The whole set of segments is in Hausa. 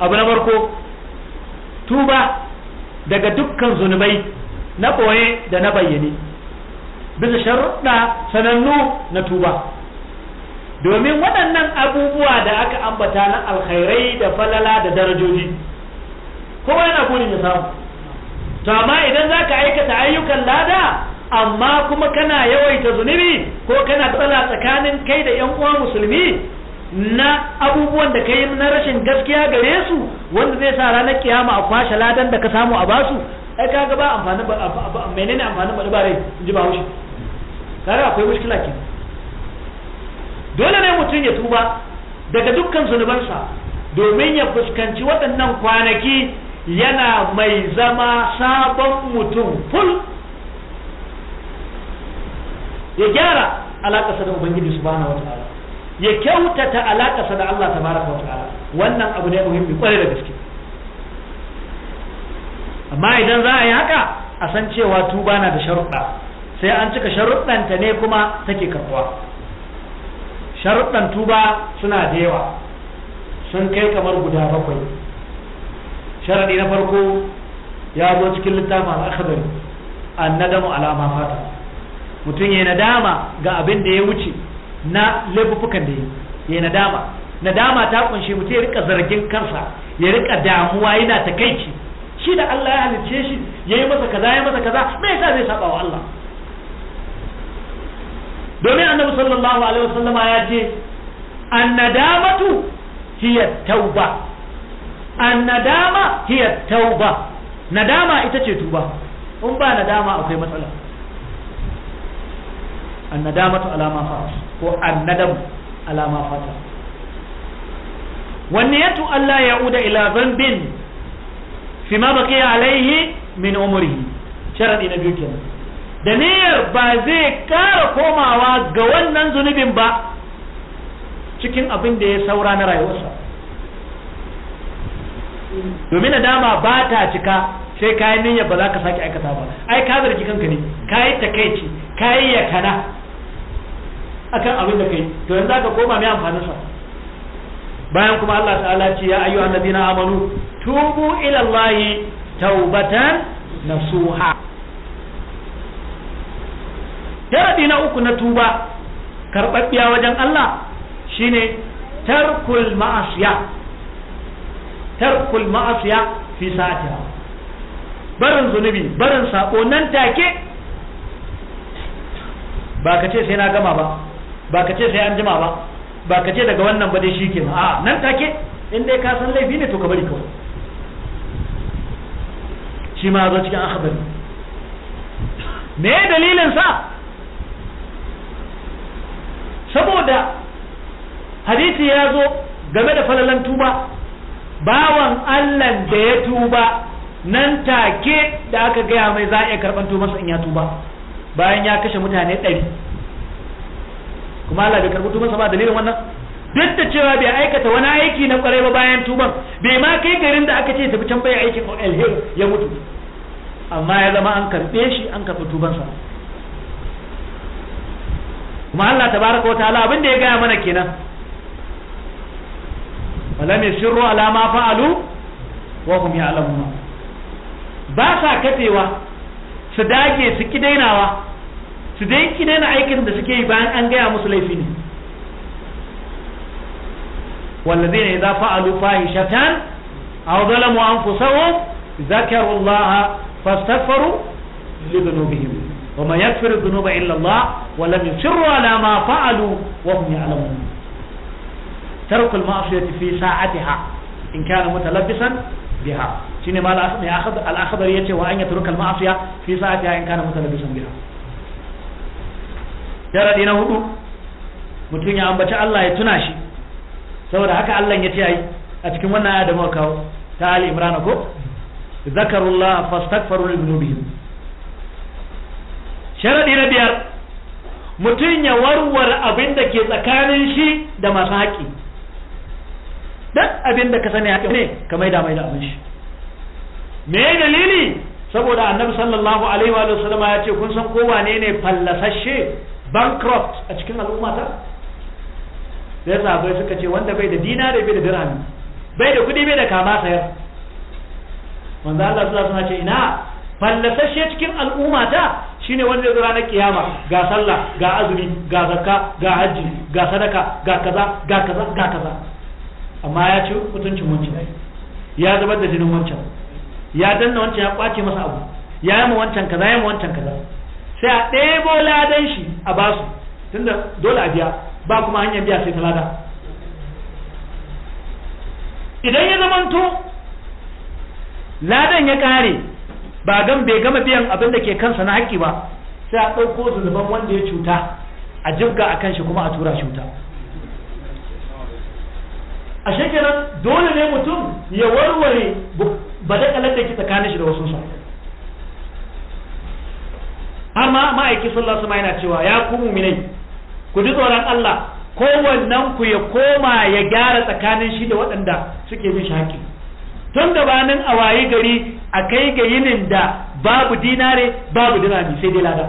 abu na farko tuba daga dukkan zunubai na boye da na bayyane bisa sharuɗa sanannu na tuba domin waɗannan abubuwa da aka ambata na alkhairai da falala da darajoji kowa yana burin ya samu to amma idan za ka aikata ayyukan lada amma kuma kana yawaita zunubi ko kana tsala tsakanin kai da 'yan uwa musulmi na abubuwan da kai na rashin gaskiya gare su wanda zai sa ranar kiyama a kwashe ladan da ka samu a basu ai kaga ba amfani ba menene amfanin ba dubare in ji ba haushi kaga akwai mushkila ke dole ne mutum ya tuba daga dukkan zunubansa domin ya fuskanci waɗannan kwanaki yana mai zama sabon mutum ful ya gyara alaƙarsa da ubangiji subhanahu wataala ya kyautata alaƙarsa da Allah tabaraka wa ta'ala wannan abu ne muhimmi kwarai da gaske amma idan za a yi haka a san cewa tuba na da sharuɗa sai an cika sharuɗanta ne kuma take karɓuwa sharuɗan tuba suna da yawa sun kai kamar guda bakwai sharaɗi na farko ya zo cikin littafin al'akabari an nadamu alama fata mutum ya nadama ga abin da ya wuce na laifukan da ya nadama nadama ta kunshe mu ya rika zargin kansa ya rika damuwa yana takaici shi da Allah ya halicce shi yayi masa kaza ya masa kaza me yasa zai saba wa Allah domin annabi sallallahu alaihi wasallama ya ce annadamatu hiya tauba annadama hiya tauba nadama ita ce tuba in ba nadama akwai matsala annadamatu alama fa'a ko annadam alama fata wanne yatu Allah yauda uda ila zambin fi ma baki alaihi min umrihi sharadi na dukiya da niyyar ba zai kara komawa ga wannan zunubin ba cikin abin da ya saura na rayuwarsa domin dama ba ta cika sai kayan niyyar ba za ka sake aikata ba ai ka zargi kanka ne ka yi takaici ka yi yakana akan abin da kai to yanzu aka koma mai amfanin sa bayan kuma Allah ta'ala ce ya ayyuhan ladina amanu tubu ila Allah taubatan nasuha daradi na uku na tuba karɓaɓɓiya wajen Allah shine tarkul ma'asiya tarkul ma'asiya fi sa'atiha barin zunubi barin sako nan take ba ka ce sai na gama ba ba ka ce sai an jima ba ba ka ce daga wannan ba dai shi ke a nan take in dai ka san laifi ne to ka bari kawai shi ma zo cikin akhbari me dalilin sa saboda hadisi ya zo game da falalan tuba bawan allan da ya tuba nan take da aka gaya mai za a iya karɓar tubarsa in ya tuba bayan ya kashe mutane ɗari kuma Allah bai karbi tubansa ba dalilin wannan duk da cewa bai aikata wani aiki na kwarai ba bayan tuban bai ma kai garin da aka ce tafi can bai aikin alheri ya mutu amma ya zama an karbe shi an karbi tubansa kuma Allah tabaraka wataala abin da ya gaya mana kenan walam yasirru ala ma fa'alu wa hum ya'lamun ba sa katewa su dage su ki dainawa su dai ki daina aikin da suke yi bayan an gaya musu laifi ne wallazi ne za fa alu shatan aw zalamu anfusahum zakaru Allah fastaghfaru li dhunubihim wa ma yaghfiru dhunuba illa Allah wa lam yusirru ala ma fa'alu wa hum ya'lamun tarku al ma'siyati fi sa'atiha in kana mutalabbisan an yatruka al biha sharadi na hudu mutum ya ambaci Allah ya tuna shi saboda haka Allah ya ce a cikin wannan aya da muka kawo ta Ali Imran ko zakarullah fastaghfiru li dhunubihim sharadi na biyar mutum ya warware abin da ke tsakanin shi da masu haƙi dan abin da ka sani haƙi ne ka maida maida abin shi me dalili saboda annabi sallallahu alaihi wa sallam ya ce kun san ko wane ne fallasashe bankrupt a cikin al'umma ta sai sahabbai suka ce wanda bai da da bai da dirhami bai da kudi bai da kama sayar wanda Allah sallallahu alaihi ce ina fallasashe cikin al'umma ta shine wanda zai ranar kiyama ga sallah ga azumi ga zakka ga hajji ga sadaka ga kaza ga kaza ga kaza amma ya ci mutuncin wancan ya zubar da jinin wancan ya danna wancan ya kwace masa abu ya yi ma wancan kaza ya yi ma wancan kaza sai a ɗebo ladan shi a basu tunda dole a biya ba kuma hanyar biya sai ta lada idan ya zamanto ladan ya kare ba gan bai gama biyan abin da ke kansa na haƙƙi ba sai a ɗauko zunuban wanda ya cuta a jibga a kan shi kuma a tura cuta a shekarar dole ne mutum ya warware ba da da ke tsakanin shi da wasu sa har ma ma'aiki sallallahu alaihi yana cewa ya ku mu'minai ku ji tsoron Allah kowannen ku ya koma ya gyara tsakanin shi da waɗanda suke bin shaki tun gabanin a wayi gari a kai ga yinin da babu dinare babu dirami sai dai lada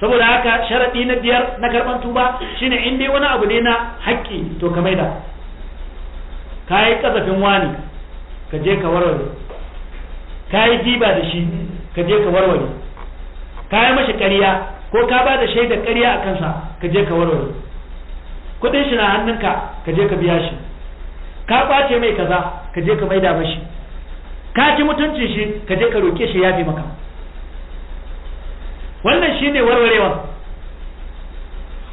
saboda haka sharaɗi na biyar na karɓan tuba shine in dai wani abu ne na haƙƙi to ka maida ka yi ƙazafin wani ka je ka warware ka yi giba da shi ka je ka warware ka yi mashi ƙarya ko ka ba da shaida ƙarya a kansa ka je ka warware kuɗin shi na hannunka ka je ka biya shi ka ɓace mai kaza ka je ka maida mashi ka ci mutuncin shi ka je ka roƙe shi yafi maka wannan shi ne warwarewa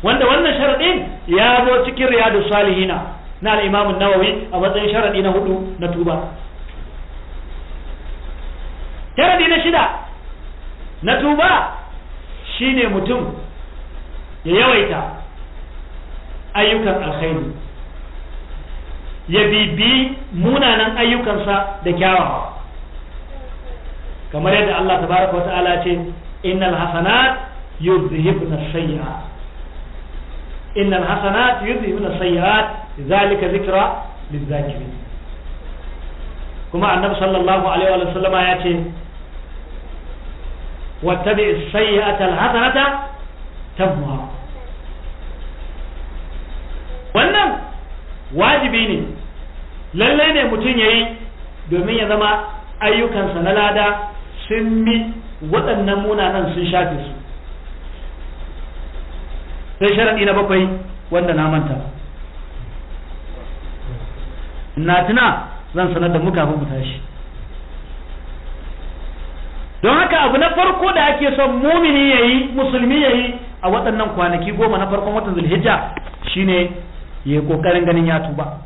wanda wannan sharaɗin ya zo cikin riyadu salihina na al'imamun nawawi a matsayin sharaɗi na hudu na tuba shida na tuba shine mutum ya yawaita ayyukan alkhairi ya bibi munanan ayyukansa da kyawawa kamar yadda Allah tabaraka wata'ala ce innal hasanat yuzhibna sayyi'at innal hasanat yuzhibna sayyi'at zalika zikra lizakirin kuma annabi sallallahu alaihi wa sallama ya ce واتبع السيئة الحسنة تمها wannan wajibi ne lallai ne mutum ya yi domin ya zama ayyukansa na lada sun mi waɗannan munanan sun shafe su sai sharaɗi na bakwai wanda na manta na tuna zan sanar da muka kafin mu tashi don haka abu na farko da ake son mumini ya yi musulmi ya yi a waɗannan kwanaki goma na farkon watan zulhijja shine ya yi ƙoƙarin ganin ya tuba